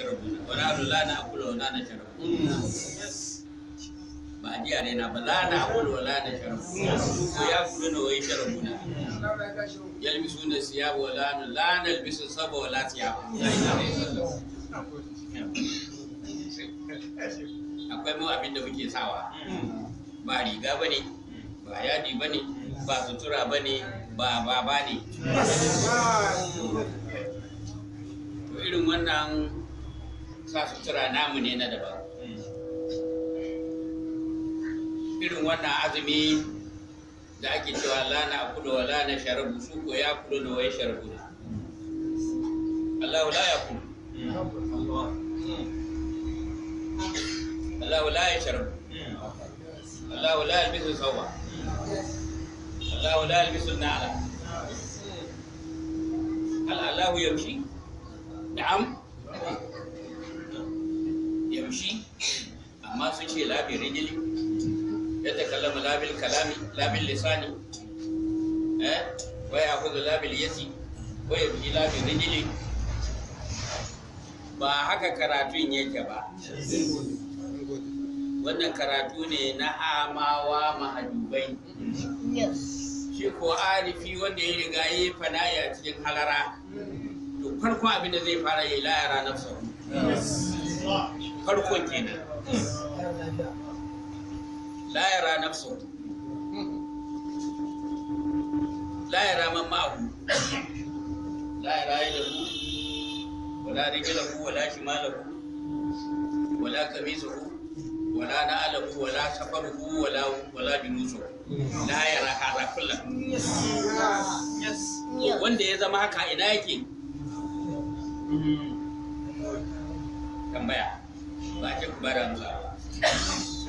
sharabu wani abu la na akula wala na sharabu ba a ji a ba la na akula wala na sharabu ko ya kula na wai sharabu na yalmisu na siya wala na la na albisu saba wala siya akwai mu abin da muke sawa ba riga ba ne ba yadi ba ne ba sutura ba ne ba ba ba ne irin wannan sa tura namu ne na daban irin wannan azumi da ake cewa lana kudu wa lana sharabu su ko ya kudu da wai sharabu ne Allah la ya kudu Allah la ya sharabu Allah ya bisu sauba Allah ya bisu na'ala Al Allah bisu na'ala shi amma sun ce labin rigili ya ta kallama labin kalami labin lisani eh waya kudu labin yasi waya bi labin rigili ba haka karatun yake ba wannan karatu ne na amawa mahadubai shi ko arifi wanda ya riga ya yi fanaya cikin halara to farko abin da zai fara yi layara na sauri farkon kenan layara na nafsu layara yara man ma'ahu la yara ku, wala ku, wala ku, wala ku, wala ku, wala ku, wala wala junusuhu layara yara harakullah wanda ya zama haka ina yake mm-hmm. tambaya ba ta ku ba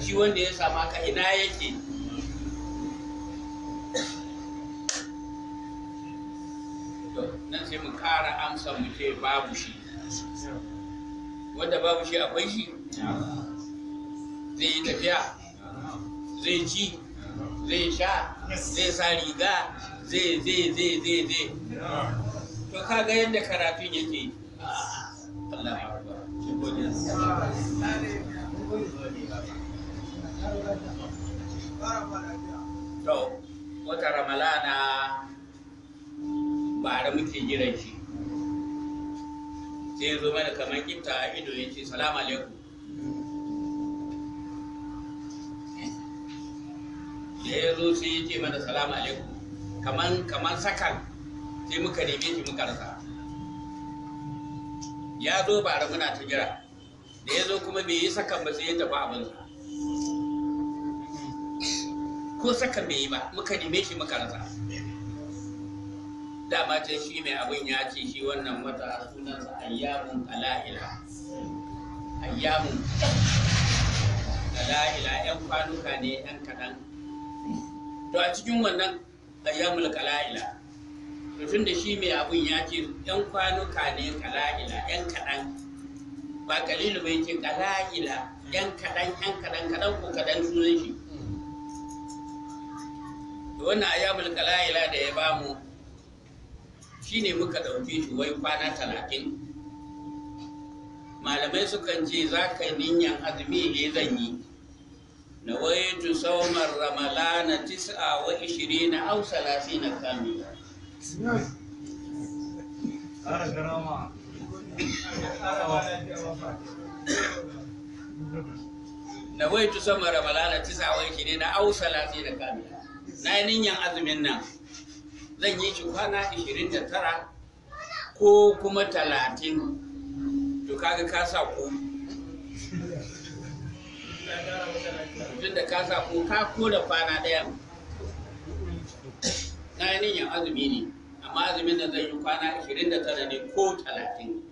shi wanda ya sama ka ina yake to nan sai mu kara amsa mu ce babu shi wanda babu shi akwai shi zai yi tafiya zai ci zai sha zai sa riga zai zai zai zai zai to kaga yadda karatun yake Allah ya to wata ramalana ba da muke jiran shi sai zo mana kamar gifta a ido ya salamu alaikum da ya zo sai ya ce mana salamu alaikum kamar sakal sai muka neme shi muka rasa ya zo da muna ta jira da ya zo kuma bai yi sakan ba sai ya tafi abin ko sakan bai yi ba muka nime shi muka rasa dama ce shi mai abin ya ce shi wannan wata sunansa ayyamun ala'ila ayyamun ala'ila yan kwanuka ne yan kaɗan to a cikin wannan ayyamul ala'ila mutum da shi mai abin ya ce yan kwanuka ne kala'ila kaɗan ba kalilu bai ce kala'ila yan kaɗan yan kaɗan kaɗan ko kaɗan sunan shi da wannan ayyamul kala'ila da ya bamu shi ne muka ɗauke shi wai kwana talatin malamai sukan ce za ka niyan azumi ne zan yi na tu saumar ramalana tis'a wa ishirina au na kamila na wai tu sama ramalala tisa wai shi ne na ausa lafi da kamila na yi ninyan azumin nan zan yi shi kwana 29 ko kuma 30 to kaga ka sa ko tun da ka sa ko ka da kwana ɗaya na yi ninyan azumi ne amma azumin nan zan yi kwana 29 ne ko 30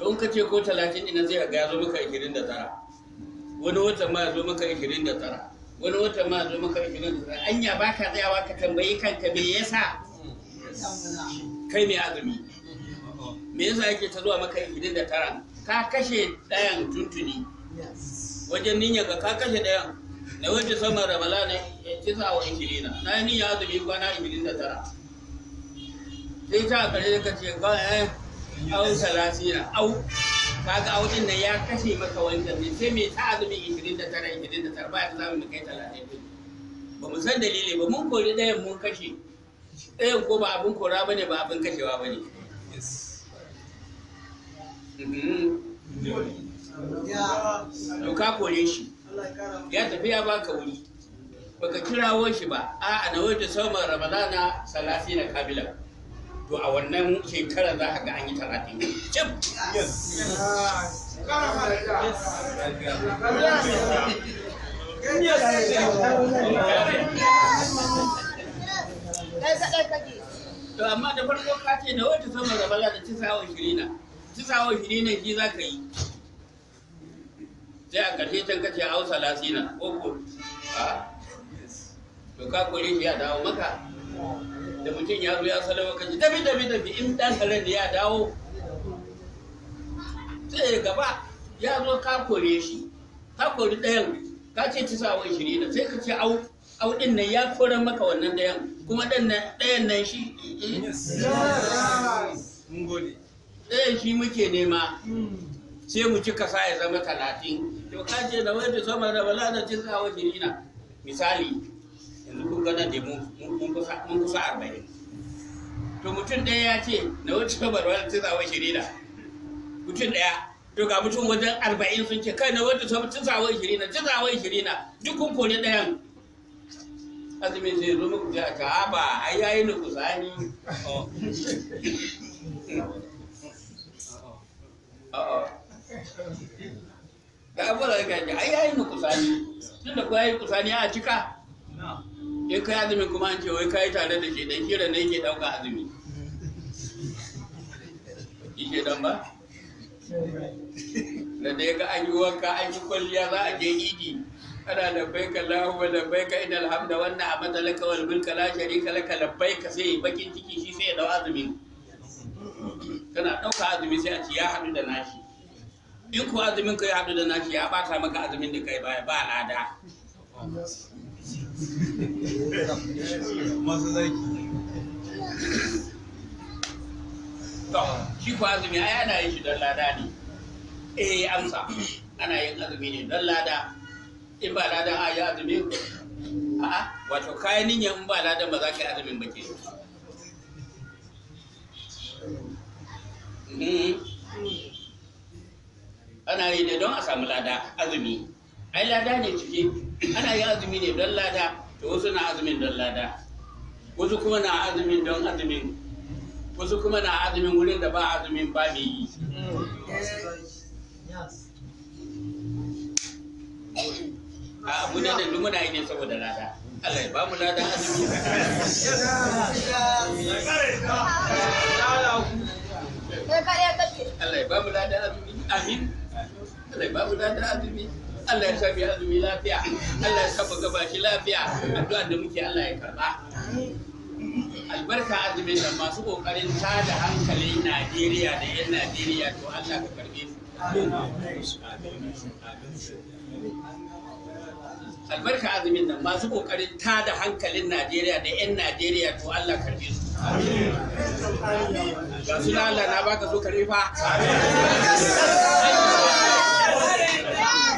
don ka ce ko talatin ina zai ga ya zo maka ishirin da tara wani wata ma ya zo maka ishirin da tara wani wata ma ya zo maka ishirin da tara anya ba ka tsayawa ka tambayi kanka me yasa kai mai azumi me yasa yake ta zuwa maka ishirin da tara ka kashe ɗayan tuntuni wajen niyyar ka ka kashe ɗayan na wajen sama ramala na tisa wa ishirina na yi ninya azumi kwana ishirin da tara sai ta kare ka ce kawai eh, au salasina au kaga au din nan ya kashe maka wancan ne sai me ta azumi 29 29 ba ta zamu mai kai 30 ba mu san dalili ba mun kori dayan mun kashe dayan ko ba abin kora bane ba abin kashewa bane yes mm-hmm. to ka kore shi ya tafi ya baka wuri baka kirawo shi ba a'a na wajen samun ramadana salasi na kabila to a wannan shekarar za ka ga an yi talatin cif to amma da farko ka ce da wata sama da bala da tisawar shirina tisawar shirina shi za ka yi sai a ƙarshe can kace hausa lasina ko ko to ka kore shi a dawo maka da mutum yaro ya salama kaji dabi dabi dabi in dan da ya dawo sai ya gaba ya zo ka kore shi ka kori ɗayan ka ce ci sa ishirin shirina sai ka ce au au din nan ya kore maka wannan ɗayan kuma ɗayan nan shi ɗayan shi muke nema hmm. sai mu cika sa ya zama talatin to ka ce da wani sama da bala da ci sawa ishirin misali kun ga nan mun kusa arba'in to mutum ɗaya ya ce na wuce kabar wani tisa wa shirina mutum ɗaya to ga mutum wajen arba'in sun ce kai na wuce tisa wa shirina tisa wa shirina duk kun kone ɗayan azumin zai zo muku ce a ah, ka ba ai yayi na kusani oh. oh, oh. ga abuwa da ka ce ai yayi na kusani tun da kuwa yi kusani a cika in eh, kai azumin kuma an ce wai kai tare da shi dan kira ne yake dauka azumi yake dan ba da da ga an yi wanka an yi kwalliya za a je idi ana baika lahu wa baika inna alhamda wa anna amata laka wal mulka la sharika laka labbaika sai bakin ciki shi sai ya dau azumi kana dauka azumi sai a ci ya hadu da nashi in ku azumin ka ya hadu da nashi ya bata maka azumin da kai baya ba al'ada masu zaki to shi ko azumi ai ana yin shi don lada ne eh amsa ana yin azumi ne don lada in ba ladan a yi azumi a'a wato kayan niyyar in ba ladan ba za ka yi azumin ba ke mhm. ana yi ne don a samu lada azumi ai lada ne cike ana yin azumi ne don lada to wasu na azumin don lada wasu kuma na azumin don azumin wasu kuma na azumin wurin da ba azumin ba mai yi a abu da duk muna yi ne saboda lada Allah ba mu lada azumi Allah ba mu lada azumi amin Allah ba mu lada azumi Allah ya sa mu azumi lafiya Allah ya sa mu gaba shi lafiya addu'a da muke Allah ya karba albarka azumin da masu kokarin tada hankalin Najeriya da yan Najeriya to Allah ka karbe su albarka azumin nan masu kokarin tada hankalin Najeriya da yan Najeriya to Allah karbe su ga suna Allah na baka so karbe fa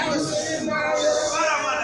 Amin.